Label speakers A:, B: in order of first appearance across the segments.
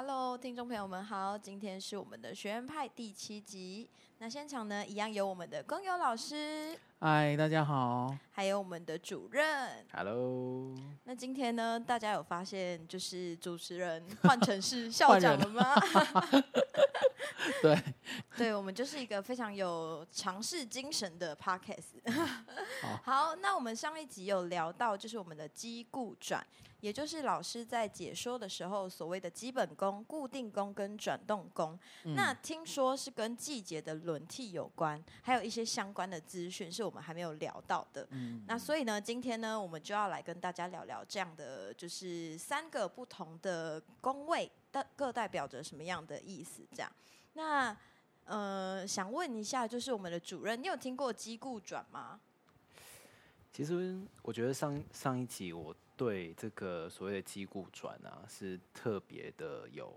A: Hello，聽眾朋友們好，今天是我們的學院派第七集。那現場呢，一樣有我們的工友老師，
B: 嗨，大家好，
A: 還有我們的主任
C: ，Hello。
A: 那今天呢，大家有發現，就是主持人換成是校長了嗎？對，對我們就是一個非常有嘗試精神的 Podcast。 oh. 好，那我們上一集有聊到，就是我們的基固轉。也就是老師在解說的時候，所謂的基本宮、固定宮跟轉動宮，嗯、那聽說是跟季節的輪替有關，還有一些相關的資訊是我們還沒有聊到的。嗯、那所以呢，今天呢，我們就要來跟大家聊聊這樣的，就是三個不同的宮位，各代表着什麼樣的意思？這樣。那呃，想問一下，就是我們的主任，你有聽過基固轉嗎？
C: 其實，我覺得上上一集我。對這個所謂的基固轉啊，是特別的有，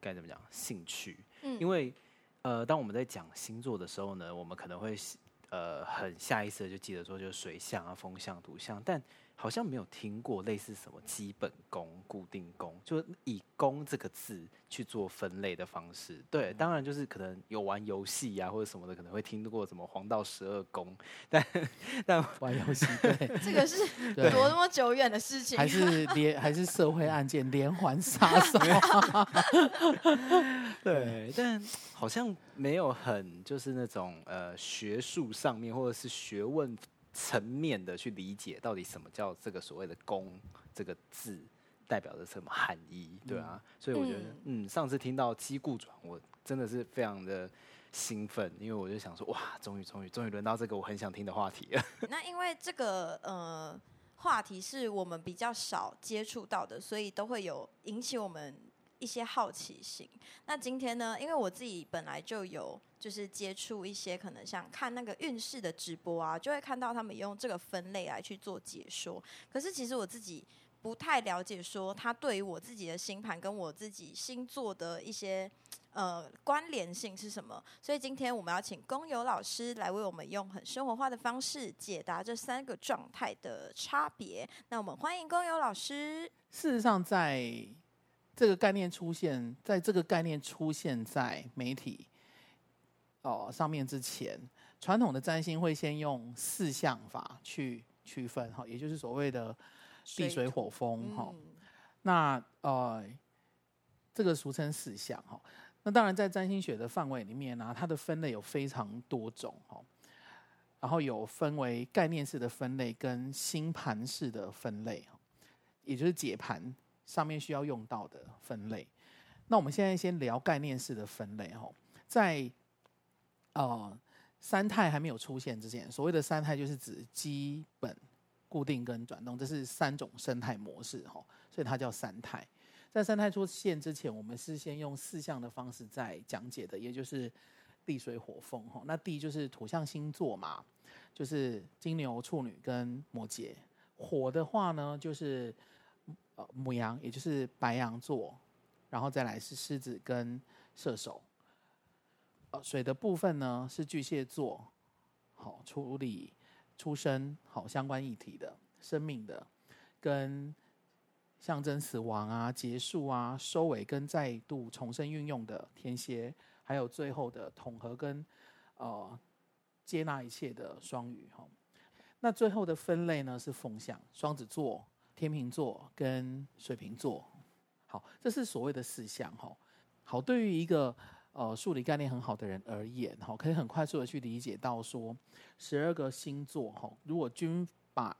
C: 該怎麼講，興趣？嗯，因為呃，當我們在講星座的時候呢，我們可能會呃很下意識的就記得說，就是水象啊、風象、土象，但。好像沒有聽過類似什麼基本宮、固定宮，就以“宮”這個字去做分類的方式。對，當然就是可能有玩遊戲啊，或者什麼的，可能會聽過什麼黃道十二宮，但但玩遊戲，對 這個是多那麼久遠的事情，對對還是連
B: 還是社會案件連環殺手？
C: 對，但好像沒有很就是那種呃學術上面或者是學問。層面的去理解到底什麼叫這個所謂的“宮”這個字，代表着什麼含義？嗯、對啊，所以我覺得，嗯，嗯、上次聽到“基固轉”，我真的是非常的興奮，因為我就想說，哇，終於，終於，終於輪到這個我很想聽的話題了。
A: 那因為這個呃話題是我們比較少接觸到的，所以都會有引起我們。一些好奇心。那今天呢，因為我自己本來就有，就是接觸一些可能像看那個運勢的直播啊，就會看到他們用這個分類來去做解說。可是其實我自己不太了解，說他對於我自己的星盤跟我自己星座的一些呃關聯性是什麼。所以今天我們要請工友老師來為我們用很生活化的方式解答這三個狀態的差別。那我們歡迎工友老師。事
B: 實上，在這個概念出現在這個概念出現在媒體哦上面之前，傳統的占星會先用四象法去區分哈，也就是所謂的地水火風哈。那呃，這個俗稱四象哈。那當然在占星學的範圍裡面呢、啊，它的分類有非常多種哈。然後有分為概念式的分類跟星盤式的分類哈，也就是解盤。上面需要用到的分類，那我們現在先聊概念式的分類吼，在呃三態還沒有出現之前，所謂的三態就是指基本、固定跟轉動，這是三種生態模式吼，所以它叫三態。在三態出現之前，我們是先用四象的方式在講解的，也就是地水火風吼，那地就是土象星座嘛，就是金牛、處女跟摩羯。火的話呢，就是。牡羊，也就是白羊座，然後再來是獅子跟射手。水的部分呢，是巨蟹座，好處理出生好相關議題的生命的，跟象徵死亡啊、結束啊、收尾跟再度重生運用的天蠍，還有最後的統合跟呃接納一切的雙魚。哈，那最後的分類呢，是風象雙子座，天秤座跟水瓶座，好，這是所謂的四象哈。好，對於一個呃數理概念很好的人而言，哈，可以很快速的去理解到說，十二個星座哈，如果均把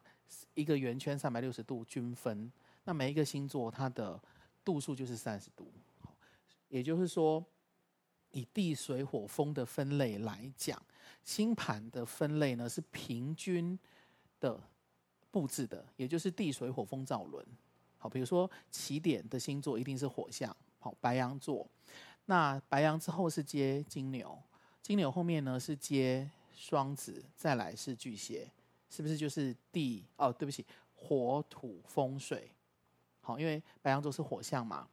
B: 一個圓圈三百六十度均分，那每一個星座它的度數就是三十度。好，也就是說，以地水火風的分類來講，星盤的分類呢是平均的。布置的，也就是地水火風造輪，好，比如說起點的星座一定是火象，好，白羊座，那白羊之後是接金牛，金牛後面呢是接雙子，再來是巨蟹，是不是就是地？哦，對不起，火土風水，好，因為白羊座是火象嘛，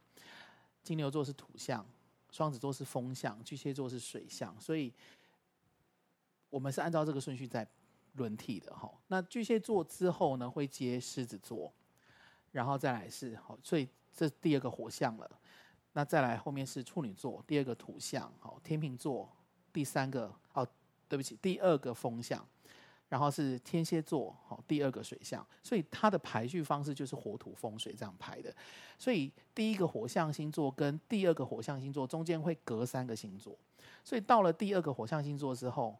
B: 金牛座是土象，雙子座是風象，巨蟹座是水象，所以我們是按照這個順序在。輪替的哈，那巨蟹座之後呢，會接獅子座，然後再來是好，所以這是第二個火象了。那再來後面是處女座，第二個土象，好，天秤座，第三個哦，對不起，第二個風象，然後是天蠍座，好，第二個水象。所以它的排序方式就是火土風水這樣排的。所以第一個火象星座跟第二個火象星座中間會隔三個星座，所以到了第二個火象星座之後。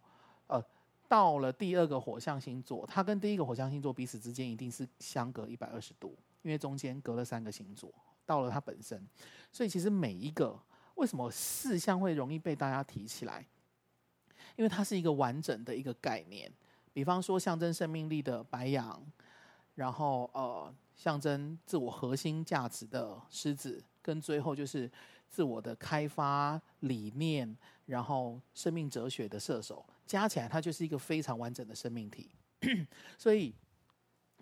B: 到了第二個火象星座，它跟第一個火象星座彼此之間一定是相隔一百二十度，因為中間隔了三個星座，到了它本身。所以其實每一個，為什麼四象會容易被大家提起來？因為它是一個完整的一個概念。比方說象徵生命力的白羊，然後呃，象徵自我核心價值的獅子，跟最後就是。自我的開發理念，然後生命哲學的射手加起來，它就是一個非常完整的生命體。 所以，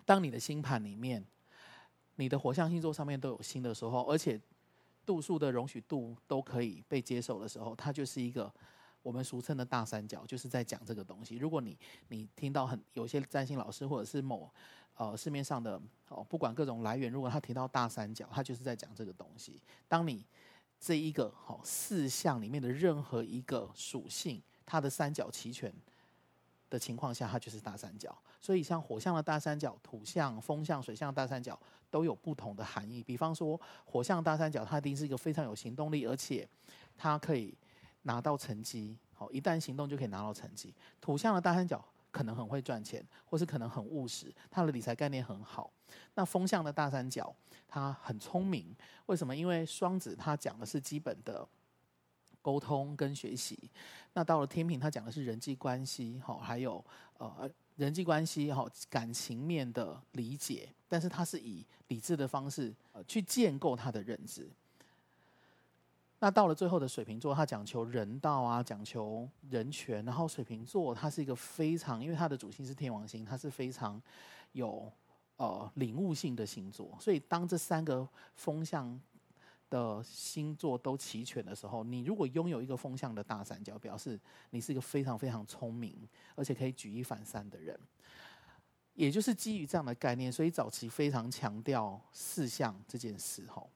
B: 當你的星盤裡面，你的火象星座上面都有星的時候，而且度數的容許度都可以被接受的時候，它就是一個我們俗稱的大三角，就是在講這個東西。如果你你聽到很有些占星老師或者是某呃市面上的哦，不管各種來源，如果他提到大三角，他就是在講這個東西。當你這一個好、哦、四項裡面的任何一個屬性，它的三角齊全的情況下，它就是大三角。所以像火象的大三角、土象、風象、水象的大三角都有不同的含義。比方說火象的大三角，它一定是一個非常有行動力，而且它可以拿到成績。好，一旦行動就可以拿到成績。土象的大三角可能很會賺錢，或是可能很務實，他的理財概念很好。那風象的大三角。他很聰明，為什麼？因為雙子他講的是基本的溝通跟學習。那到了天秤，他講的是人際關係，好，還有呃，人際關係好，感情面的理解。但是他是以理智的方式、呃、去建構他的認知。那到了最後的水瓶座，他講求人道啊，講求人權。然後水瓶座他是一個非常，因為他的主星是天王星，他是非常有。呃，領悟性的星座，所以當這三個風向的星座都齊全的時候，你如果擁有一個風向的大三角，表示你是一個非常非常聰明，而且可以舉一反三的人。也就是基於這樣的概念，所以早期非常強調四象這件事哦。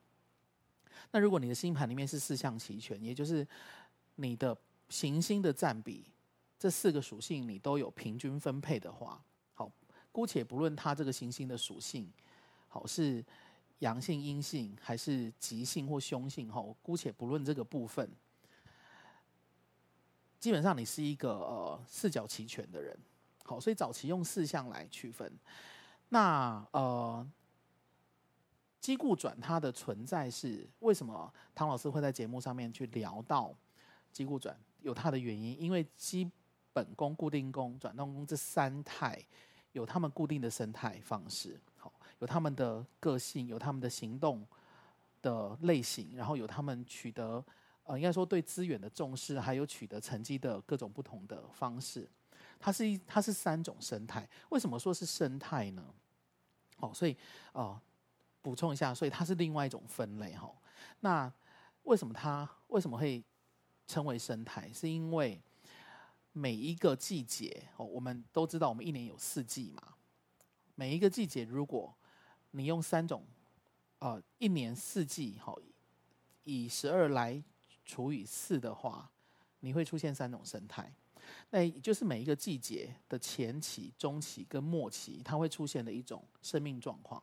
B: 那如果你的星盤裡面是四象齊全，也就是你的行星的佔比，這四個屬性你都有平均分配的話。姑且不論它這個行星的屬性，好，是陽性、陰性，還是吉性或兇性，好，姑且不論這個部分。基本上你是一個呃四角齊全的人，好，所以早期用四項來區分。那呃，基固轉它的存在是為什麼？唐老師會在節目上面去聊到基固轉有它的原因，因為基本宮、固定宮、轉動宮這三態。有他們固定的生態方式，好，有他們的個性，有他們的行動的類型，然後有他們取得，呃，應該說對資源的重視，還有取得成績的各種不同的方式。它是一它是三種生態，為什麼說是生態呢？哦，所以哦，呃，補充一下，所以它是另外一種分類哈，哦。那為什麼它為什麼會稱為生態？是因為。每一個季節，哦，我們都知道我們一年有四季嘛。每一個季節，如果你用三種，啊、呃、一年四季，哈，以十二來除以四的話，你會出現三種生態。那也就是每一個季節的前期、中期跟末期，它會出現的一種生命狀況。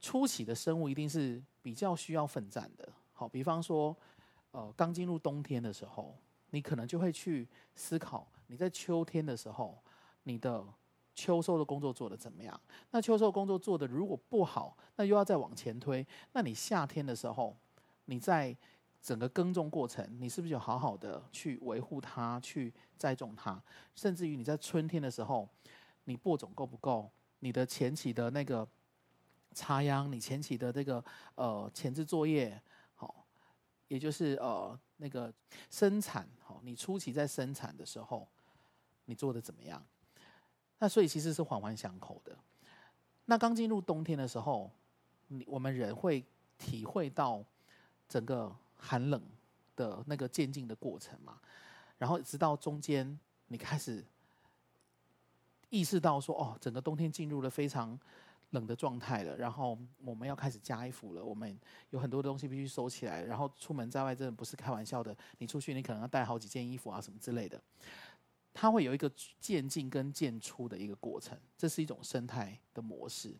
B: 初期的生物一定是比較需要奮戰的，好，比方說，呃，剛進入冬天的時候。你可能就會去思考，你在秋天的時候，你的秋收的工作做得怎麼樣？那秋收工作做得如果不好，那又要再往前推。那你夏天的時候，你在整個耕種過程，你是不是就好好的去維護它、去栽種它？甚至於你在春天的時候，你播種夠不夠？你的前期的那個插秧，你前期的這、那個呃前置作業，也就是呃那個生產，你初期在生產的時候，你做的怎麼樣？那所以其實是環環相扣的。那剛進入冬天的時候，我們人會體會到整個寒冷的那個漸進的過程嘛。然後直到中間，你開始意識到說哦，整個冬天進入了非常。冷的狀態了，然後我們要開始加衣服了。我們有很多的東西必須收起來，然後出門在外真的不是開玩笑的。你出去你可能要帶好幾件衣服啊，什麼之類的。它會有一個漸進跟漸出的一個過程，這是一種生態的模式。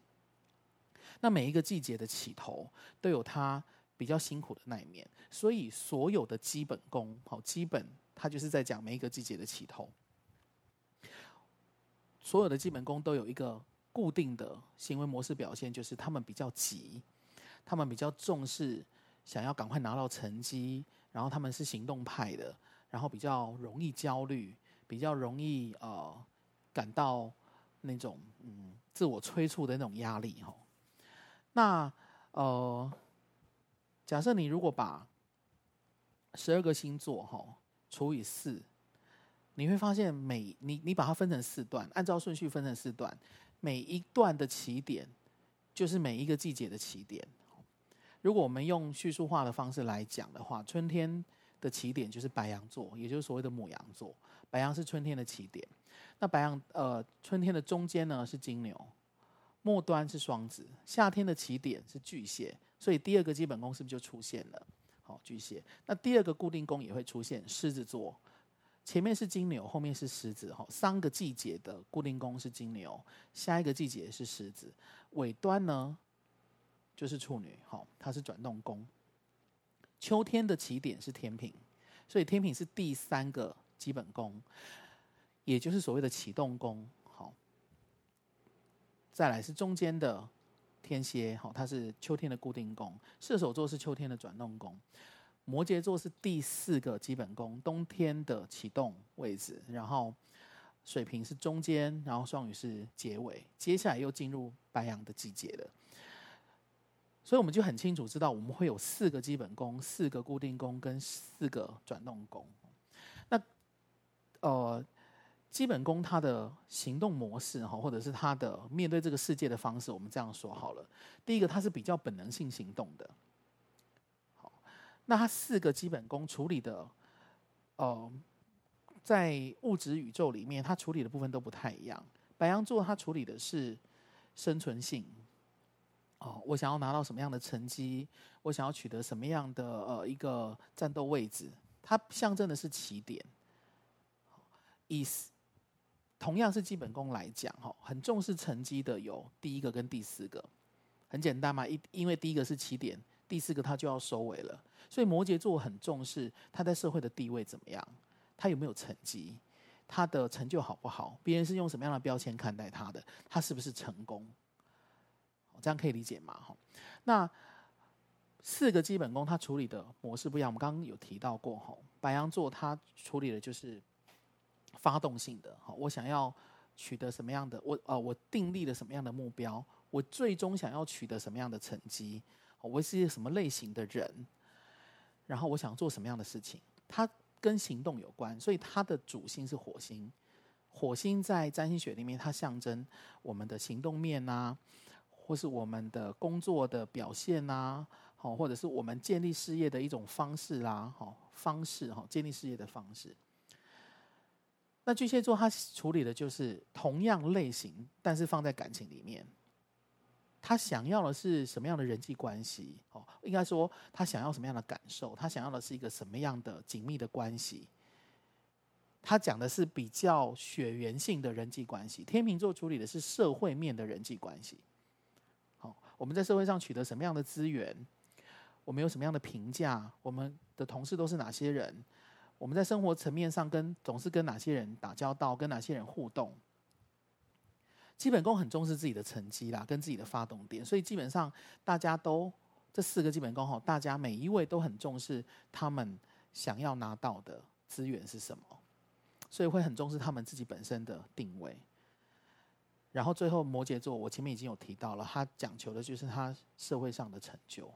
B: 那每一個季節的起頭都有它比較辛苦的那一面，所以所有的基本宮，好基本，它就是在講每一個季節的起頭。所有的基本宮都有一個。固定的行為模式表現就是他們比較急，他們比較重視想要趕快拿到成績，然後他們是行動派的，然後比較容易焦慮，比較容易呃感到那種嗯自我催促的那種壓力哈、哦。那呃，假設你如果把十二個星座吼、哦，除以四，你會發現每你你把它分成四段，按照順序分成四段。每一段的起點就是每一個季節的起點。如果我們用敘述化的方式來講的話，春天的起點就是白羊座，也就是所謂的牡羊座。白羊是春天的起點。那白羊呃，春天的中間呢是金牛，末端是雙子。夏天的起點是巨蟹，所以第二個基本宮是不是就出現了？好，巨蟹。那第二個固定宮也會出現獅子座。前面是金牛，後面是獅子，吼，三個季節的固定宮是金牛，下一個季節是獅子，尾端呢就是處女，吼，它是轉動宮。秋天的起點是天秤，所以天秤是第三個基本宮，也就是所謂的啟動宮，好。再來是中間的天蠍，吼，它是秋天的固定宮，射手座是秋天的轉動宮。摩羯座是第四個基本宮，冬天的啟動位置，然後水瓶是中間，然後雙魚是結尾，接下來又進入白羊的季節了。所以我們就很清楚知道，我們會有四個基本宮，四個固定宮跟四個轉動宮。那呃，基本宮它的行動模式哈，或者是它的面對這個世界的方式，我們這樣說好了。第一個，它是比較本能性行動的。那他四個基本宮處理的，哦、呃，在物質宇宙裡面，它處理的部分都不太一樣。白羊座他處理的是生存性，哦，我想要拿到什麼樣的成績，我想要取得什麼樣的呃一個戰鬥位置，它象徵的是起點。is 同樣是基本宮來講，哈，很重視成績的有第一個跟第四個，很簡單嘛，一因為第一個是起點，第四個它就要收尾了。所以摩羯座很重視他在社會的地位怎麼樣，他有沒有成績，他的成就好不好，別人是用什麼樣的標籤看待他的，他是不是成功？這樣可以理解嗎？那四個基本宮他處理的模式不一樣。我們剛剛有提到過，哈，白羊座他處理的就是發動性的，哈，我想要取得什麼樣的，我呃，我訂立了什麼樣的目標，我最終想要取得什麼樣的成績，我是一個什麼類型的人。然後我想做什麼樣的事情？它跟行動有關，所以它的主星是火星。火星在占星學裡面，它象徵我們的行動面吶、啊，或是我們的工作的表現吶，好，或者是我們建立事業的一種方式啦、啊，好方式哈，建立事業的方式。那巨蟹座它處理的就是同樣類型，但是放在感情裡面。他想要的是什麼樣的人際關係？哦，應該說，他想要什麼樣的感受？他想要的是一個什麼樣的緊密的關係？他講的是比較血緣性的人際關係。天秤座處理的是社會面的人際關係。好，我們在社會上取得什麼樣的資源？我們有什麼樣的評價？我們的同事都是哪些人？我們在生活層面上跟總是跟哪些人打交道，跟哪些人互動？基本宮很重視自己的成績啦，跟自己的發動點，所以基本上大家都這四個基本宮哈，大家每一位都很重視他們想要拿到的資源是什麼，所以會很重視他們自己本身的定位。然後最後摩羯座，我前面已經有提到了，他講求的就是他社會上的成就。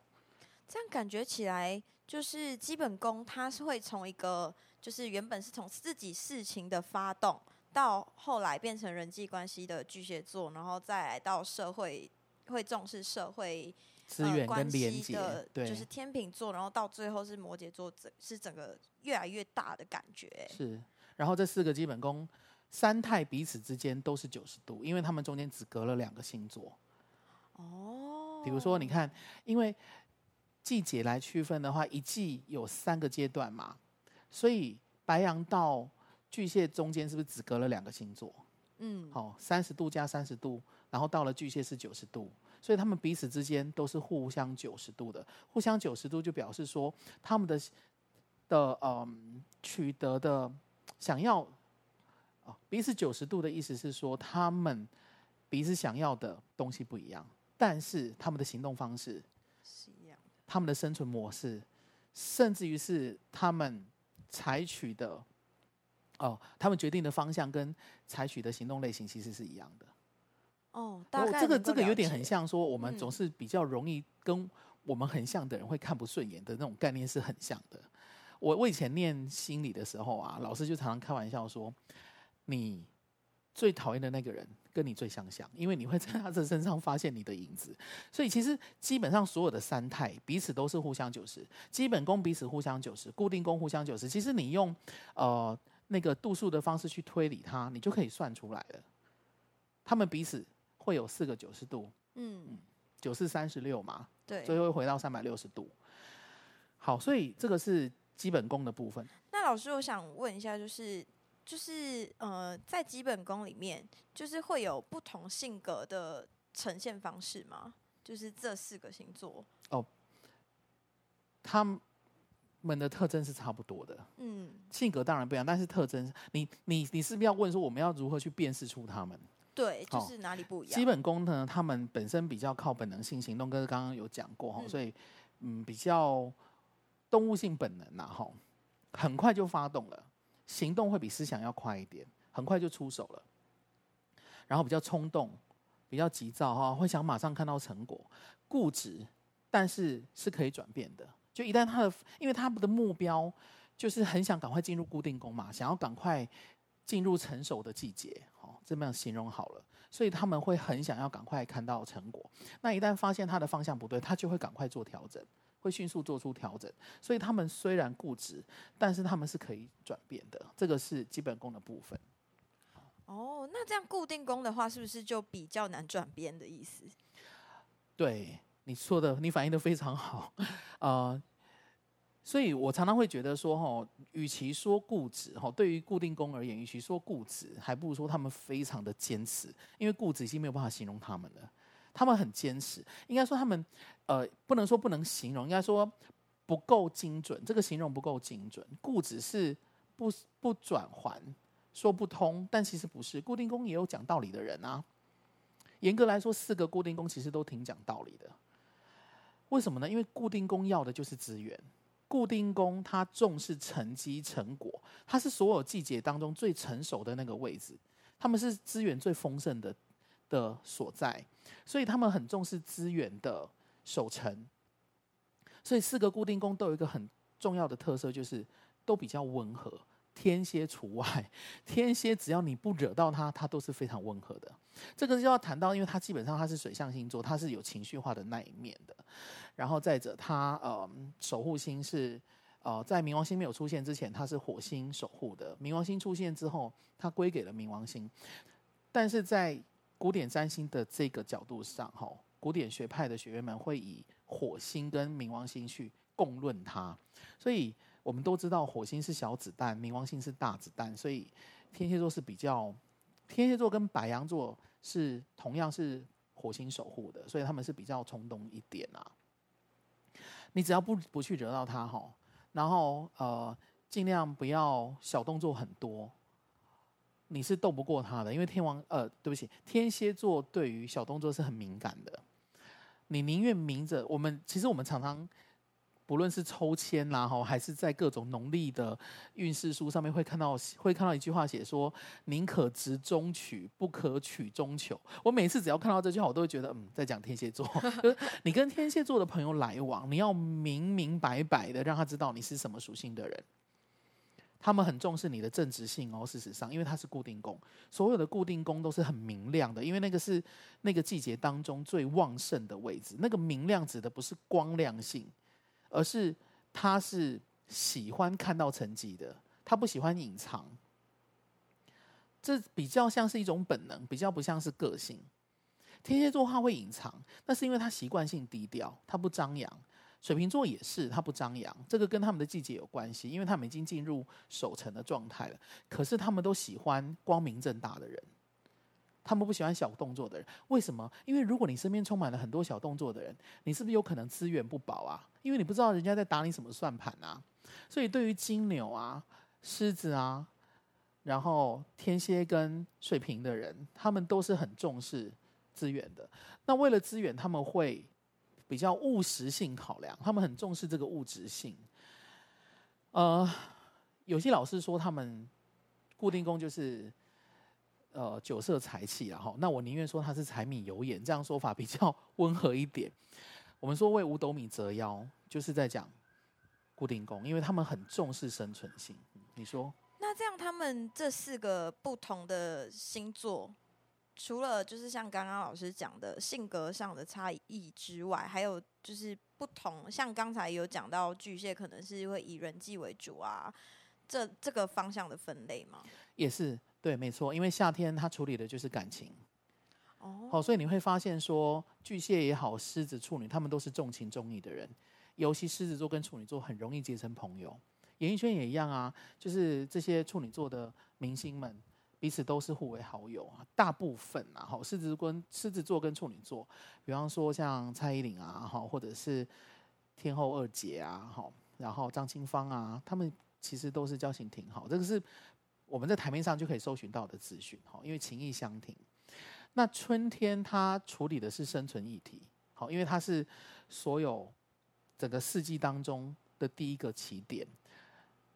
A: 這樣感覺起來，就是基本宮，他是會從一個就是原本是從自己事情的發動。到後來變成人際關係的巨蟹座，然後再來到社會會重視社會資源跟連結，呃、對就是天秤座，然後到最後是摩羯座，是整個越來越大的感覺。是，
B: 然後這四個基本宮，三太彼此之間都是九十度，因為他們中間只隔了兩個星座。哦，比如說你看，因為季節來區分的話，一季有三個階段嘛，所以白羊到巨蟹中間是不是只隔了兩個星座？嗯，好，哦，三十度加三十度，然後到了巨蟹是九十度，所以他們彼此之間都是互相九十度的，互相九十度就表示說他們的的嗯取得的想要，哦，彼此九十度的意思是說他們彼此想要的東西不一樣，但是他們的行動方式是一樣，他們的生存模式，甚至於是他們採取的。哦，他們決定的方向跟採取的行動類型其實是一樣的。
A: 哦，oh, 大概這個這個有點很
B: 像說，我們總是比較容易跟我們很像的人會看不順眼的那種概念是很像的。我我以前念心理的時候啊，老師就常常開玩笑說，你最討厭的那個人跟你最相像，像，因為你會在他的身上發現你的影子。所以其實基本上所有的三態彼此都是互相九十，基本宮彼此互相九十，固定宮互相九十。其實你用呃。那個度數的方式去推理它，你就可以算出來了。他們彼此會有四個九十度，嗯，九四三十六嘛，對，所以會回到三百六十度。好，所以這個是基本宮的部分。
A: 那老師，我想問一下，就是，就是就是呃，在基本宮裡面，就是會有不同性格的呈現方式嗎？就是這四個星座
B: 哦，他們。他們的特徵是差不多的，嗯，性格當然不一樣，但是特徵是，你你你是不是要問說我們要如何去辨識出他們？
A: 對，就是哪裡不一樣。哦。基本
B: 宮呢，他們本身比較靠本能性行動，跟剛剛有講過哈、哦，所以嗯，比較動物性本能吶哈、哦，很快就發動了，行動會比思想要快一點，很快就出手了，然後比較衝動，比較急躁哈、哦，會想馬上看到成果，固執，但是是可以轉變的。就一旦他的，因為他們的目標就是很想趕快進入固定宮嘛，想要趕快進入成熟的季節，好、哦，這麼樣形容好了。所以他們會很想要趕快看到成果。那一旦發現他的方向不對，他就會趕快做調整，會迅速做出調整。所以他們雖然固執，但是他們是可以轉變的。這個是基本宮的部分。
A: 哦，那這樣固定宮的話，是不是就比較難轉變的意思？
B: 對。你說的，你反應的非常好，呃，所以我常常會覺得說，吼，與其說固執，吼，對於固定宮而言，與其說固執，還不如說他們非常的堅持，因為固執已經沒有辦法形容他們了。他們很堅持，應該說他們，呃，不能說不能形容，應該說不夠精準，這個形容不夠精準。固執是不不轉還說不通，但其實不是，固定宮也有講道理的人啊。嚴格來說，四個固定宮其實都挺講道理的。為什麼呢？因為固定宮要的就是資源，固定宮他重視成績成果，它是所有季節當中最成熟的那個位置，他們是資源最豐盛的的所在，所以他們很重視資源的守成。所以四個固定宮都有一個很重要的特色，就是都比較溫和。天蠍除外，天蠍只要你不惹到他，他都是非常溫和的。這個就要談到，因為他基本上他是水象星座，他是有情緒化的那一面的。然後再者，他呃，守護星是呃，在冥王星沒有出現之前，他是火星守護的；冥王星出現之後，它歸給了冥王星。但是在古典占星的這個角度上，吼古典學派的學員們會以火星跟冥王星去共論它，所以。我們都知道，火星是小子彈，冥王星是大子彈，所以天蠍座是比較天蠍座跟白羊座是同樣是火星守護的，所以他們是比較衝動一點啊。你只要不不去惹到他哈，然後呃，盡量不要小動作很多，你是鬥不過他的，因為天王呃，對不起，天蠍座對於小動作是很敏感的，你寧願明着。我們其實我們常常。不論是抽籤啦，哈，還是在各種農曆的運勢書上面會看到，會看到一句話寫說：“寧可直中取，不可曲中求。”我每次只要看到這句話，我都會覺得，嗯，在講天蠍座、 就是。你跟天蠍座的朋友來往，你要明明白白的讓他知道你是什麼屬性的人。他們很重視你的正直性哦。事實上，因為他是固定宮，所有的固定宮都是很明亮的，因為那個是那個季節當中最旺盛的位置。那個明亮指的不是光亮性。而是，他是喜歡看到成績的，他不喜歡隱藏。這比較像是一種本能，比較不像是個性。天蠍座他會隱藏，那是因為他習慣性低調，他不張揚。水瓶座也是，他不張揚。這個跟他們的季節有關係，因為他們已經進入守成的狀態了。可是他們都喜歡光明正大的人。他們不喜歡小動作的人，為什麼？因為如果你身邊充滿了很多小動作的人，你是不是有可能資源不保啊？因為你不知道人家在打你什麼算盤啊！所以，對於金牛啊、獅子啊，然後天蠍跟水瓶的人，他們都是很重視資源的。那為了資源，他們會比較務實性考量，他們很重視這個物質性。呃，有些老師說，他們固定宮就是。呃，酒色財氣，然後那我寧願說他是柴米油鹽，這樣說法比較溫和一點。我們說為五斗米折腰，就是在講固定宮，因為他們很重視生存性。嗯，你說？
A: 那這樣，他們這四個不同的星座，除了就是像剛剛老師講的性格上的差異之外，還有就是不同，像剛才有講到巨蟹可能是會以人際為主啊，這這個方向的分類嗎？
B: 也是。對，沒錯，因為夏天他處理的就是感情，oh. 哦，所以你會發現說，巨蟹也好，獅子、處女，他們都是重情重義的人，尤其獅子座跟處女座很容易結成朋友，演藝圈也一樣啊，就是這些處女座的明星們彼此都是互為好友啊，大部分啊，好，獅子跟獅子座跟處女座，比方說像蔡依林啊，哈，或者是天后二姐啊，哈，然後張清芳啊，他們其實都是交情挺好，這個是。我們在台面上就可以搜尋到的資訊，好，因為情意相挺。那春天它處理的是生存議題，好，因為它是所有整個四季當中的第一個起點。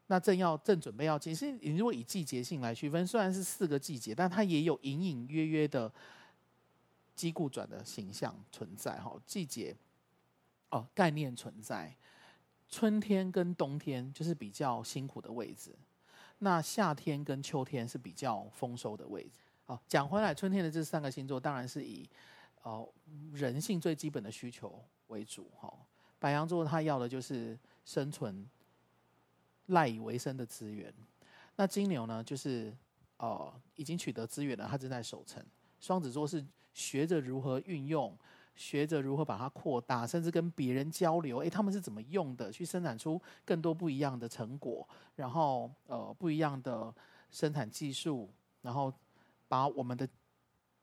B: 那正要正準備要其實，如果以季節性來區分，雖然是四個季節，但它也有隱隱約約的基固轉的形象存在，哈，季節哦概念存在。春天跟冬天就是比較辛苦的位置。那夏天跟秋天是比較豐收的位置。好，講回來，春天的這三個星座當然是以，哦，人性最基本的需求為主。哈，白羊座他要的就是生存，賴以為生的資源。那金牛呢，就是哦，已經取得資源了，他正在守成。雙子座是學着如何運用。學着如何把它擴大，甚至跟別人交流。誒，他們是怎麼用的？去生產出更多不一樣的成果，然後呃不一樣的生產技術，然後把我們的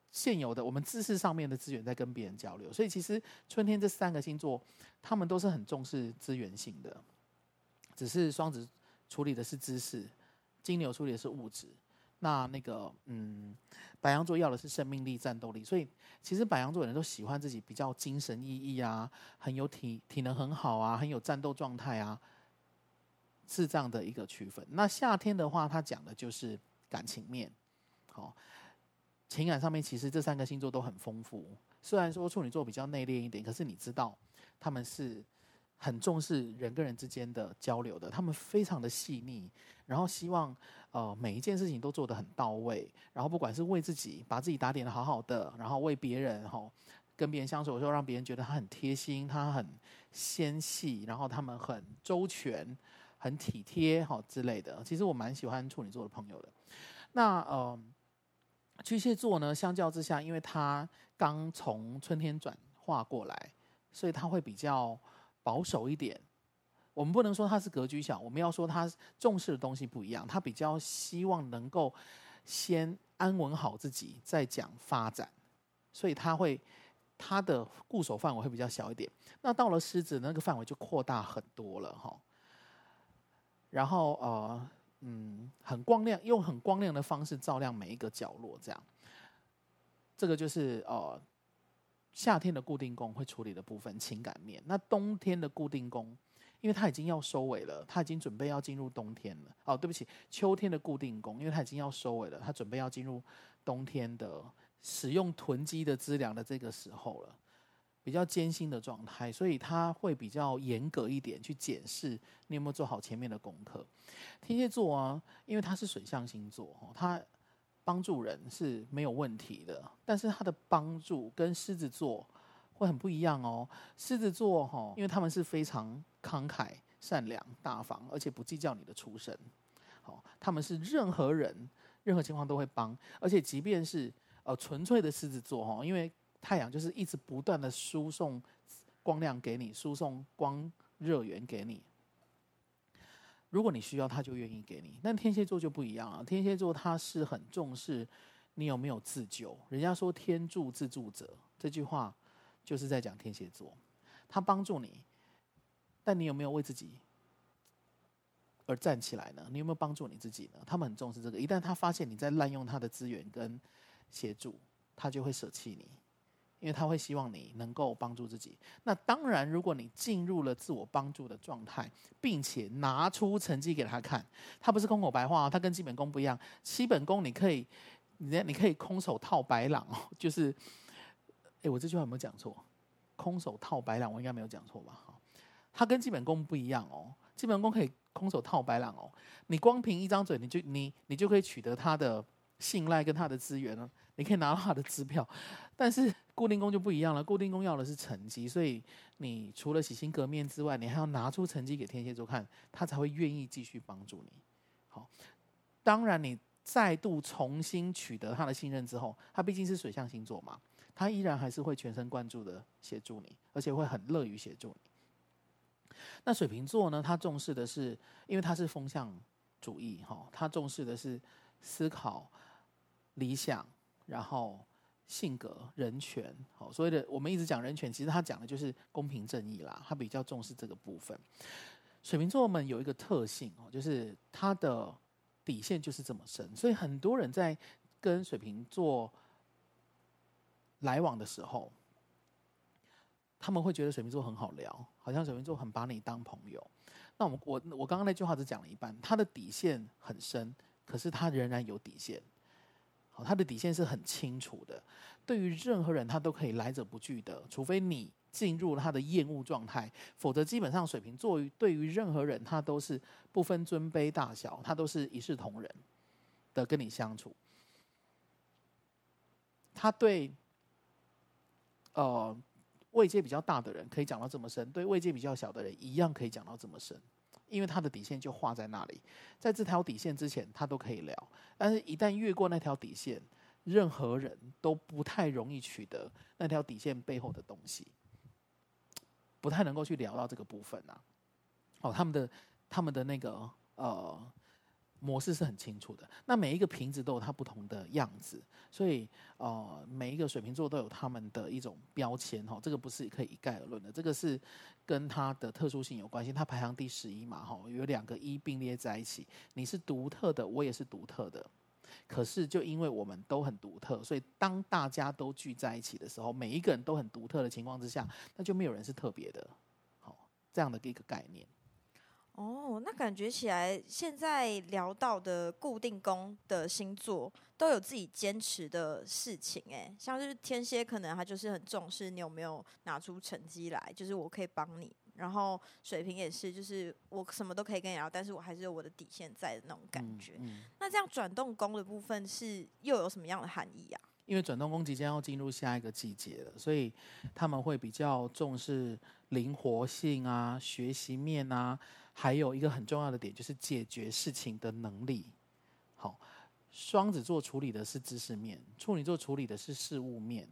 B: 現有的我們知識上面的資源，再跟別人交流。所以其實春天這三個星座，他們都是很重視資源性的，只是雙子處理的是知識，金牛處理的是物質。那那個嗯。白羊座要的是生命力、戰鬥力，所以其實白羊座的人都喜歡自己比較精神奕奕啊，很有體體能很好啊，很有戰鬥狀態啊，是這樣的一個區分。那夏天的話，它講的就是感情面。好，情感上面其實這三個星座都很豐富。雖然說處女座比較內斂一點，可是你知道他們是很重視人跟人之間的交流的，他們非常的細膩，然後希望。呃，每一件事情都做得很到位，然後不管是為自己，把自己打點的好好的，然後為別人哈，跟別人相處的時候，讓別人覺得他很貼心，他很纖細，然後他們很周全，很體貼哈之類的。其實我蠻喜歡處女座的朋友的。那，呃，巨蟹座呢，相較之下，因為他剛從春天轉化過來，所以他會比較保守一點。我們不能說他是格局小，我們要說他重視的東西不一樣。他比較希望能夠先安穩好自己，再講發展，所以他會他的固守範圍會比較小一點。那到了獅子，那個範圍就擴大很多了哈。然後呃嗯，很光亮，用很光亮的方式照亮每一個角落，這樣。這個就是呃夏天的固定宮會處理的部分情感面。那冬天的固定宮。因為他已經要收尾了，他已經準備要進入冬天了。哦，對不起，秋天的固定宮，因為他已經要收尾了，他準備要進入冬天的使用囤積的資糧的這個時候了，比較艱辛的狀態，所以他會比較嚴格一點去檢視你有沒有做好前面的功課。天蠍座啊，因為他是水象星座，他幫助人是沒有問題的，但是他的幫助跟獅子座。會很不一樣哦，獅子座哈，因為他們是非常慷慨、善良、大方，而且不計較你的出身。好，他們是任何人、任何情況都會幫，而且即便是呃純粹的獅子座哈，因為太陽就是一直不斷的輸送光亮給你，輸送光熱源給你。如果你需要，他就願意給你。但天蠍座就不一樣了，天蠍座他是很重視你有沒有自救。人家說“天助自助者”這句話。就是在講天蠍座，他幫助你，但你有沒有為自己而站起來呢？你有沒有幫助你自己呢？他們很重視這個。一旦他發現你在濫用他的資源跟協助，他就會捨棄你，因為他會希望你能夠幫助自己。那當然，如果你進入了自我幫助的狀態，並且拿出成績給他看，他不是空口白話哦，他跟基本宮不一樣。基本宮你可以，你你可以空手套白狼哦，就是。哎、欸，我這句話有沒有講錯？空手套白狼，我應該沒有講錯吧？哈，它跟基本宮不一樣哦。基本宮可以空手套白狼哦，你光憑一張嘴，你就你你就可以取得他的信賴跟他的資源了，你可以拿到他的支票。但是固定宮就不一樣了，固定宮要的是成績，所以你除了洗心革面之外，你還要拿出成績給天蠍座看，他才會願意繼續幫助你。好，當然你再度重新取得他的信任之後，他畢竟是水象星座嘛。他依然還是會全神貫注的協助你，而且會很樂於協助你。那水瓶座呢？他重視的是，因為他是風向主義哈，他重視的是思考、理想，然後性格、人權。好，所謂的我們一直講人權，其實他講的就是公平正義啦。他比較重視這個部分。水瓶座們有一個特性，就是他的底線就是這麼深，所以很多人在跟水瓶座來往的時候，他們會覺得水瓶座很好聊，好像水瓶座很把你當朋友。那我我我剛剛那句話只講了一半，他的底線很深，可是他仍然有底線。好，他的底線是很清楚的。對於任何人，他都可以來者不拒的，除非你進入了他的厭惡狀態，否則基本上水瓶座於對於任何人，他都是不分尊卑大小，他都是一視同仁的跟你相處。他對。呃，位階比較大的人可以講到這麼深，對位階比較小的人一樣可以講到這麼深，因為他的底線就畫在那裡，在這條底線之前他都可以聊，但是一旦越過那條底線，任何人都不太容易取得那條底線背後的東西，不太能夠去聊到這個部分啊。哦，他們的他們的那個呃。模式是很清楚的，那每一個瓶子都有它不同的樣子，所以呃，每一個水瓶座都有他們的一種標籤哈，哦，這個不是可以一概而論的，這個是跟它的特殊性有關係。它排行第十一嘛哈，哦，有兩個一、e、並列在一起，你是獨特的，我也是獨特的，可是就因為我們都很獨特，所以當大家都聚在一起的時候，每一個人都很獨特的情況之下，那就沒有人是特別的，好，哦，這樣的一個概念。
A: 哦，那感覺起來，現在聊到的固定宮的星座都有自己堅持的事情，哎，像是天蠍可能他就是很重視你有沒有拿出成績來，就是我可以幫你。然後水瓶也是，就是我什麼都可以跟你聊，但是我還是有我的底線在的那種
B: 感覺。嗯嗯、
A: 那這樣轉動宮的部分是又有什麼樣的含義啊？
B: 因為轉動宮即將要進入下一個季節了，所以他們會比較重視靈活性啊、學習面啊。還有一個很重要的點，就是解決事情，的能力。好，雙子座處理的是知識面，處女座處理的是事物面，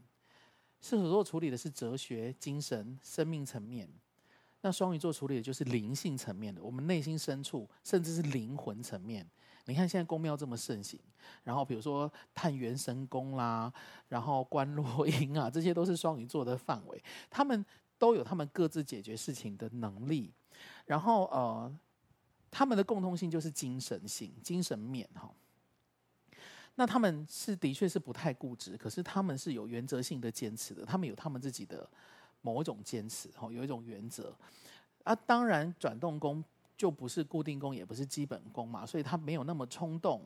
B: 射手座處理的是哲學、精神、生命層面。那雙魚座處理的就是靈性層面的，我們內心深處，甚至是靈魂層面。你看現在宮廟這麼盛行，然後比如說，探元神宮啦，然後觀落陰啊，這些都是雙魚座的範圍。他們都有他們各自解決事情的能力。然後，呃，他們的共通性就是精神性、精神面哈、哦。那他們是的確是不太固執，可是他們是有原則性的堅持的，他們有他們自己的某種堅持哈、哦，有一種原則。啊，當然轉動宮就不是固定宮，也不是基本宮嘛，所以他沒有那麼衝動。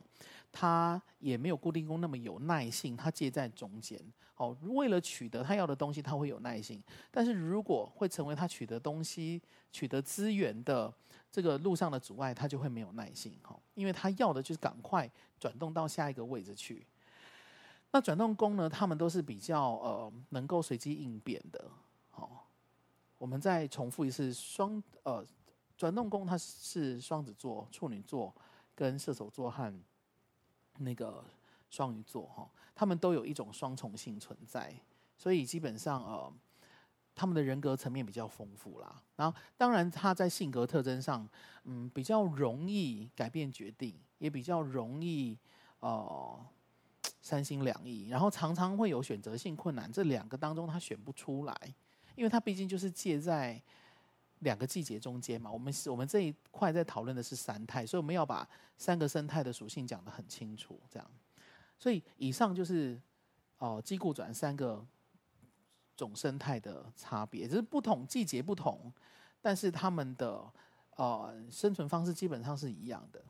B: 他也沒有固定宮那麼有耐性，他介在中間。好、哦，為了取得他要的東西，他會有耐性；但是如果會成為他取得東西、取得資源的這個路上的阻礙，他就會沒有耐性。哈、哦，因為他要的就是趕快轉動到下一個位置去。那轉動宮呢？他們都是比較呃能夠隨機應變的。好、哦，我們再重複一次：雙呃，轉動宮他是雙子座、處女座跟射手座和。那個雙魚座哈，他們都有一種雙重性存在，所以基本上呃，他們的人格層面比較豐富啦。然後當然他在性格特徵上，嗯，比較容易改變決定，也比較容易哦、呃、三心兩意，然後常常會有選擇性困難，這兩個當中他選不出來，因為他畢竟就是借在。兩個季節中間嘛，我們我們這一塊在討論的是三態，所以我們要把三個生態的屬性講得很清楚，這樣。所以以上就是哦，基固轉三個總生態的差別，就是不同季節不同，但是他們的哦、呃、生存方式基本上是一樣的。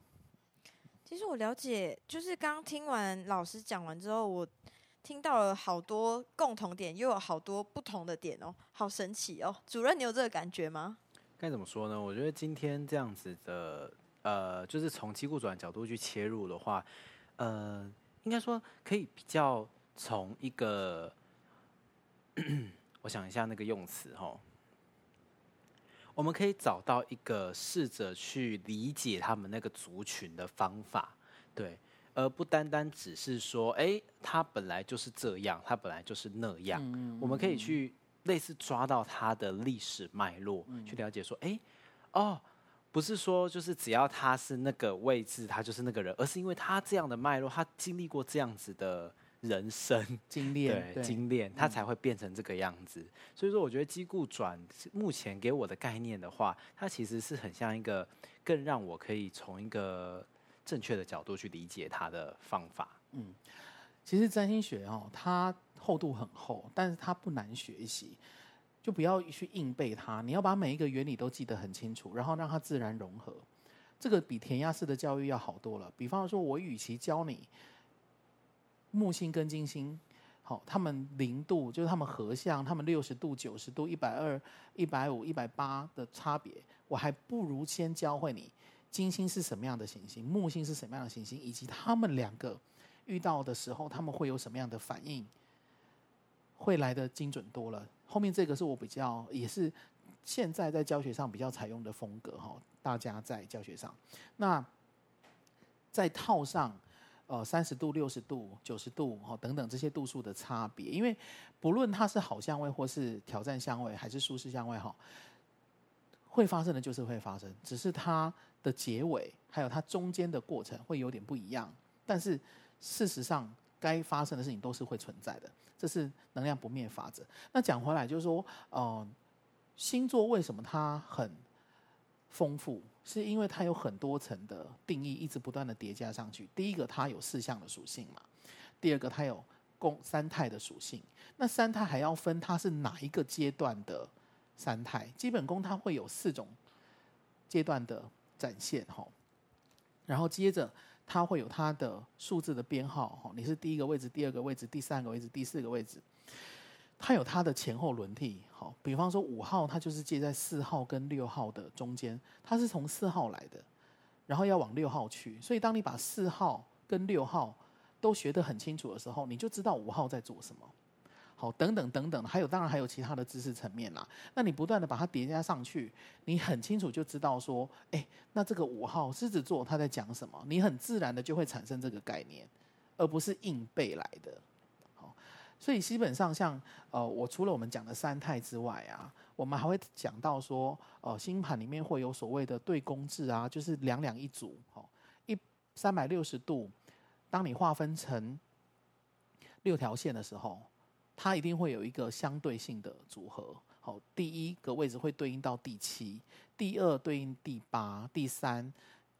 A: 其實我了解，就是剛聽完老師講完之後，我聽到了好多共同點，又有好多不同的點哦，好神奇哦！主任，你有這個感覺嗎？
C: 該怎麼說呢？我覺得今天這樣子的，呃，就是從基固轉角度去切入的話，呃，應該說可以比較從一個咳咳，我想一下那個用詞哦，我們可以找到一個試着去理解他們那個族群的方法，對。而不單單只是說，哎，他本來就是這樣，他本來就是那樣。嗯嗯嗯、我們可以去類似抓到他的歷史脈絡，嗯、去了解說，哎，哦，不是說就是只要他是那個位置，他就是那個人，而是因為他這樣的脈絡，他經歷過這樣子的人生，精煉，對，精煉，他才會變成這個樣子。嗯、所以說，我覺得《基固轉》目前給我的概念的話，它其實是很像一個更讓我可以從一個。正確的角度去理解它的方法。
B: 嗯，其實占星學哦，它厚度很厚，但是它不難學習。就不要去硬背它，你要把每一個原理都記得很清楚，然後讓它自然融合。這個比填鴨式的教育要好多了。比方說，我與其教你木星跟金星，好，哦，他們零度就是他們合相，他們六十度、九十度、一百二、一百五、一百八的差別，我還不如先教會你。金星是什麼樣的行星？木星是什麼樣的行星？以及他們兩個遇到的時候，他們會有什麼樣的反應？會來得精準多了。後面這個是我比較也是現在在教學上比較採用的風格哈，大家在教學上，那再套上呃三十度、六十度、九十度哈等等這些度數的差別，因為不論它是好相位，或是挑戰相位，還是舒適相位哈。會發生的就是會發生，只是它的結尾還有它中間的過程會有點不一樣。但是事實上，該發生的事情都是會存在的，這是能量不滅法則。那講回來就是說，哦、呃，星座為什麼它很豐富？是因為它有很多層的定義，一直不斷的疊加上去。第一個，它有四象的屬性嘛；第二個，它有宮三態的屬性。那三態還要分它是哪一個階段的。三態基本宮，它會有四種階段的展現哈，然後接着它會有它的數字的編號哈，你是第一個位置，第二個位置，第三個位置，第四個位置，它有它的前後輪替哈，比方說五號它就是接在四號跟六號的中間，它是從四號來的，然後要往六號去，所以當你把四號跟六號都學得很清楚的時候，你就知道五號在做什麼。好，等等等等，還有當然還有其他的知識層面啦。那你不斷的把它疊加上去，你很清楚就知道說，哎，那這個五號獅子座它在講什麼？你很自然的就會產生這個概念，而不是硬背來的。好，所以基本上像呃，我除了我們講的三態之外啊，我們還會講到說，哦、呃，星盤裡面會有所謂的對宮制啊，就是兩兩一組，哦，一三百六十度，當你劃分成六條線的時候。它一定會有一個相對性的組合。好、哦，第一個位置會對應到第七，第二對應第八，第三，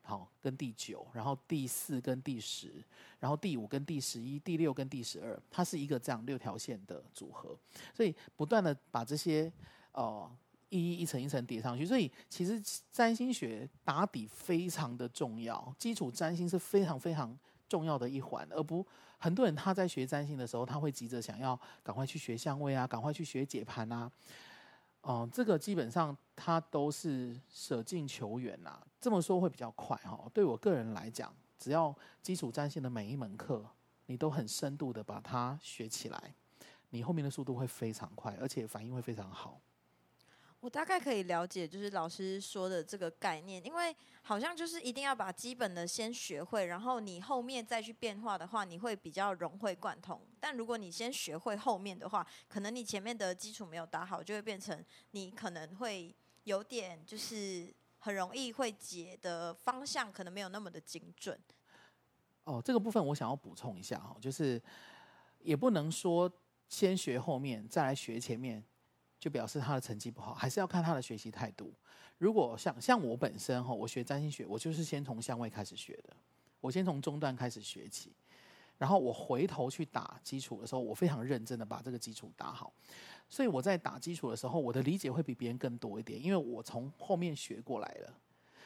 B: 好、哦、跟第九，然後第四跟第十，然後第五跟第十一，第六跟第十二，它是一個這樣六條線的組合。所以不斷的把這些哦、呃、一,一一層一層疊上去。所以其實占星學打底非常的重要，基礎占星是非常非常重要的一環，而不。很多人他在學占星的時候，他會急着想要趕快去學相位啊，趕快去學解盤啊，哦、呃，這個基本上他都是捨近求遠吶、啊。這麼說會比較快哈、哦。對我個人來講，只要基礎占星的每一門課你都很深度的把它學起來，你後面的速度會非常快，而且反應會非常好。
A: 我大概可以了解，就是老師說的這個概念，因為好像就是一定要把基本的先學會，然後你後面再去變化的話，你會比較融會貫通。但如果你先學會後面的話，可能你前面的基礎沒有打好，就會變成你可能會有點就是很容易會解的方向，可能沒有那麼的精準。
B: 哦，這個部分我想要補充一下哈，就是也不能說先學後面再來學前面。就表示他的成績不好，還是要看他的學習態度。如果像像我本身哈，我學占星學，我就是先從相位開始學的，我先從中段開始學起，然後我回頭去打基礎的時候，我非常認真的把這個基礎打好。所以我在打基礎的時候，我的理解會比別人更多一點，因為我從後面學過來了。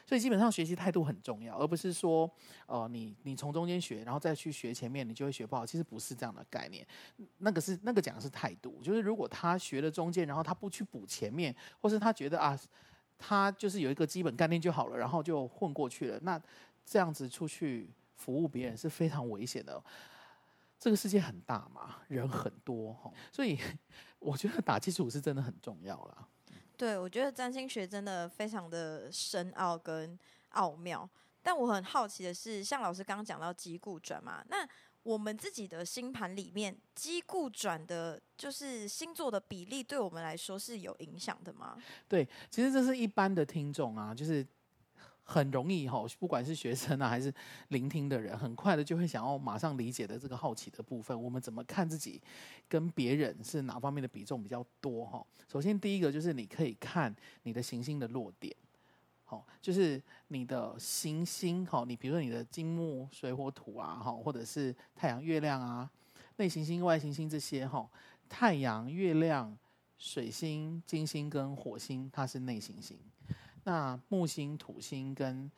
B: 所以基本上學習態度很重要，而不是說，呃，你你從中間學，然後再去學前面，你就會學不好。其實不是這樣的概念，那個是那個講的是態度，就是如果他學了中間，然後他不去補前面，或是他覺得啊，他就是有一個基本概念就好了，然後就混過去了。那這樣子出去服務別人是非常危險的。這個世界很大嘛，人很多，哦。所以我覺得打基礎是真的很重要啦。
A: 對，我覺得占星學真的非常的深奧跟奧妙，但我很好奇的是，像老師剛剛講到基固轉嘛，那我們自己的星盤裡面基固轉的，就是星座的比例，對我們來說是有影響的嗎？
B: 對，其實這是一般的聽眾啊，就是。很容易哈，不管是學生啊，還是聆聽的人，很快的就會想要馬上理解的這個好奇的部分。我們怎麼看自己跟別人是哪方面的比重比較多哈？首先第一個就是你可以看你的行星的落點，好，就是你的行星，哈，你比如說你的金木水火土啊，哈，或者是太陽、月亮啊，內行星、外行星這些哈，太陽、月亮、水星、金星跟火星，它是內行星。那木星、土星跟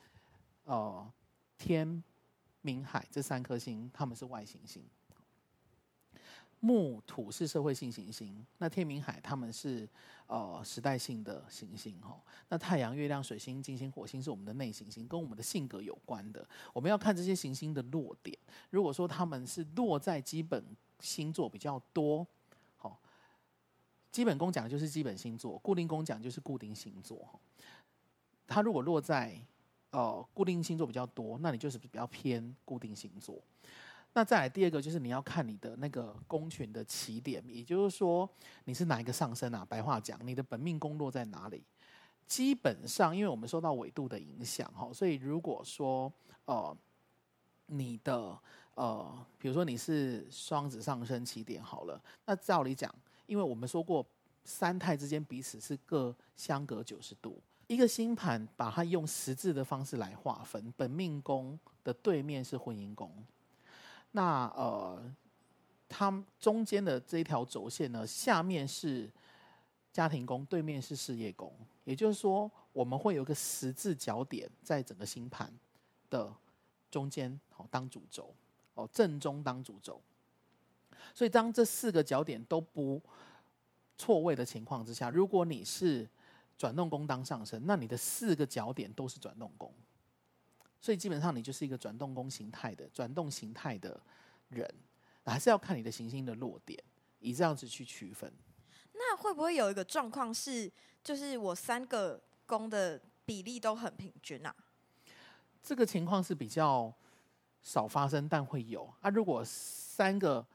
B: 呃天、冥海這三顆星，他們是外行星。木土是社會性行星，那天冥海他們是呃時代性的行星。哈、哦，那太陽、月亮、水星、金星、火星是我們的內行星，跟我們的性格有關的。我們要看這些行星的落點。如果說他們是落在基本星座比較多，好、哦，基本宮講的就是基本星座，固定宮講就是固定星座，哦它如果落在，呃，固定星座比較多，那你就是比較偏固定星座。那再來第二個，就是你要看你的那個宮群的起點，也就是說你是哪一個上升啊？白話講，你的本命宮落在哪裡？基本上，因為我們受到緯度的影響哈，所以如果說呃，你的呃，比如說你是雙子上升起點好了，那照理講，因為我們說過三態之間彼此是各相隔九十度。一個星盤，把它用十字的方式來劃分，本命宮的對面是婚姻宮，那呃，它中間的這條軸線呢，下面是家庭宮，對面是事業宮，也就是說，我們會有個十字角點在整個星盤的中間，哦，當主軸，哦，正中當主軸，所以當這四個角點都不錯位的情況之下，如果你是轉動宮當上升，那你的四個角點都是轉動宮，所以基本上你就是一個轉動宮形態的轉動形態的人，還是要看你的行星的落點，以這樣子去區分。
A: 那會不會有一個狀況是，就是我三個宮的比例都很平均啊？
B: 這個情況是比較少發生，但會有啊。如果三個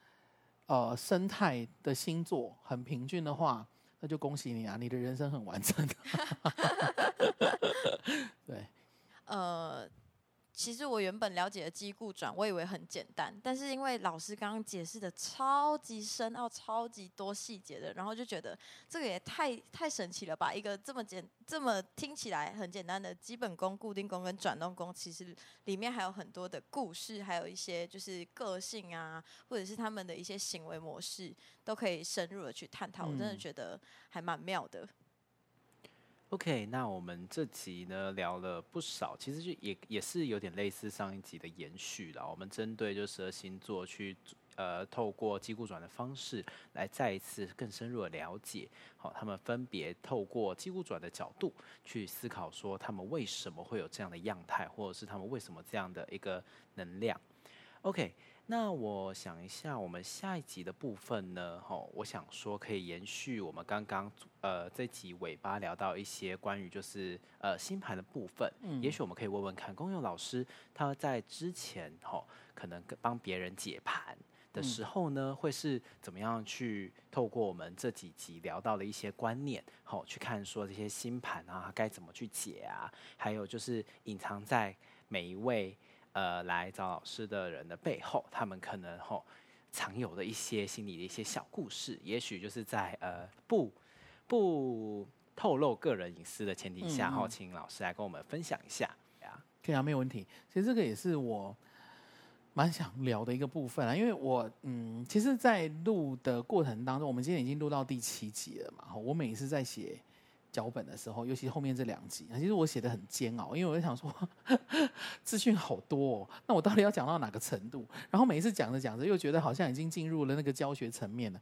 B: 呃生態的星座很平均的話。那就恭喜你啊！你的人生很完整。 對，
A: 呃。其實我原本了解的基固轉，我以為很簡單，但是因為老師剛剛解釋的超級深奧、超級多細節的，然後就覺得這個也太太神奇了吧？一個這麼簡、這麼聽起來很簡單的基本宮、固定宮跟轉動宮，其實裡面還有很多的故事，還有一些就是個性啊，或者是他們的一些行為模式，都可以深入的去探討。我真的覺得還蠻妙
C: 的。OK，那我們這集呢，聊了不少，其實就也也是有點類似上一集的延續了。我們針對就十二星座去，呃，透過基固轉的方式來再一次更深入的了解，好、哦，他們分別透過基固轉的角度去思考，說他們為什麼會有這樣的樣態，或者是他們為什麼這樣的一個能量。OK。那我想一下，我們下一集的部分呢？哈、哦，我想說可以延續我們剛剛呃這集尾巴聊到一些關於就是呃星盤的部分，嗯，也許我們可以問問看，公佑老師他在之前哈、哦、可能跟幫別人解盤的時候呢，嗯、會是怎麼樣去透過我們這幾集聊到了一些觀念，好、哦、去看說這些星盤啊該怎麼去解啊，還有就是隱藏在每一位。呃，來找老師的人的背後，他們可能吼常有的一些心理的一些小故事，也許就是在呃不不透露個人隱私的前提下，吼、嗯，嗯、請老師來跟我們分享一下，啊、嗯，
B: 可以啊，沒有問題。其實這個也是我蠻想聊的一個部分啊，因為我嗯，其實，在錄的過程當中，我們今天已經錄到第七集了嘛，我每次在寫。腳本的時候，尤其後面這兩集，其實我寫得很煎熬，因為我就想說資訊呵呵好多哦，那我到底要講到哪個程度？然後每一次講着講着，又覺得好像已經進入了那個教學層面了。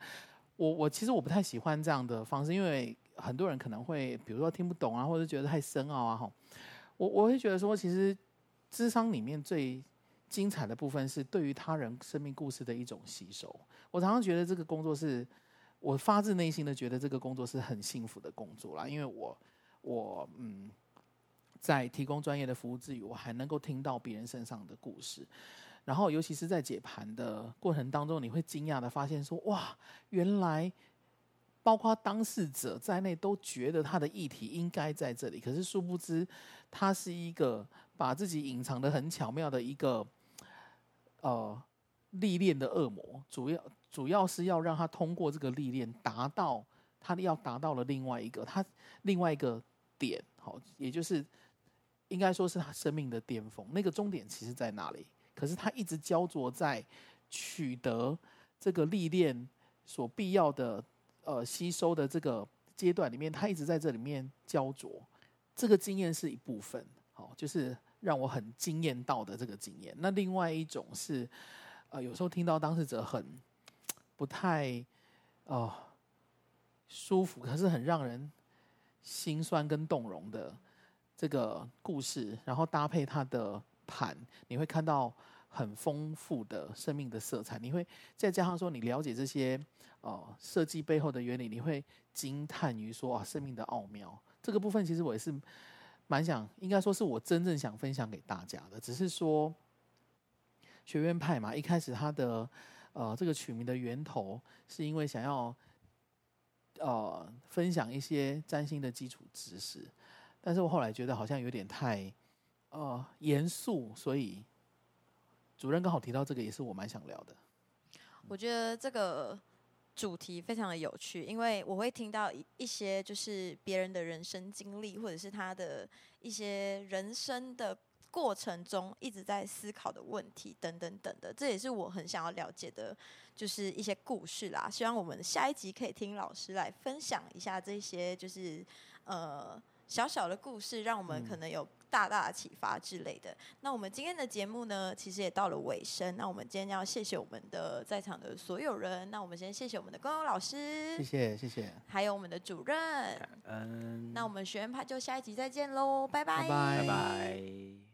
B: 我我其實我不太喜歡這樣的方式，因為很多人可能會比如說聽不懂啊，或者覺得太深奧啊。吼，我我會覺得說，其實諮商裡面最精彩的部分是對於他人生命故事的一種吸收。我常常覺得這個工作是。我發自內心的覺得這個工作是很幸福的工作啦，因為我我嗯，在提供專業的服務之餘，我還能夠聽到別人身上的故事。然後，尤其是在解盤的過程當中，你會驚訝的發現說：“哇，原來包括當事者在內都覺得他的議題應該在這裡，可是殊不知他是一個把自己隱藏得很巧妙的一個呃歷練的惡魔。”主要。主要是要讓他通過這個歷練，達到他要達到了另外一個他另外一個點，好，也就是應該說是他生命的巔峰。那個終點其實在哪裡？可是他一直焦灼在取得這個歷練所必要的呃吸收的這個階段裡面，他一直在這裡面焦灼。這個經驗是一部分，好，就是讓我很驚豔到的這個經驗。那另外一種是呃，有時候聽到當事者很。不太，哦、呃，舒服，可是很讓人心酸跟動容的這個故事，然後搭配它的盤，你會看到很豐富的生命的色彩。你會再加上說，你了解這些哦、呃、設計背後的原理，你會驚嘆於說啊，生命的奧妙。這個部分其實我也是蠻想，應該說是我真正想分享給大家的。只是說學院派嘛，一開始他的。呃，這個取名的源頭是因為想要，呃，分享一些占星的基礎知識，但是我後來覺得好像有點太，呃，嚴肅，所以，主任剛好提到這個，也是我蠻想聊的。
A: 我覺得這個主題非常的有趣，因為我會聽到一一些就是別人的人生經歷，或者是他的一些人生的。過程中一直在思考的問題等，等等等的，這也是我很想要了解的，就是一些故事啦。希望我們下一集可以聽老師來分享一下這些，就是呃小小的故事，讓我們可能有大大的啟發之類的。嗯、那我們今天的節目呢，其實也到了尾聲。那我們今天要謝謝我們的在場的所有人。那我們先謝謝我們的高老師，謝
C: 謝謝謝，謝
A: 謝還有我們的主任。
B: 感
C: 恩。那
A: 我們學院派就下一集再見嘍，拜拜拜拜。拜拜。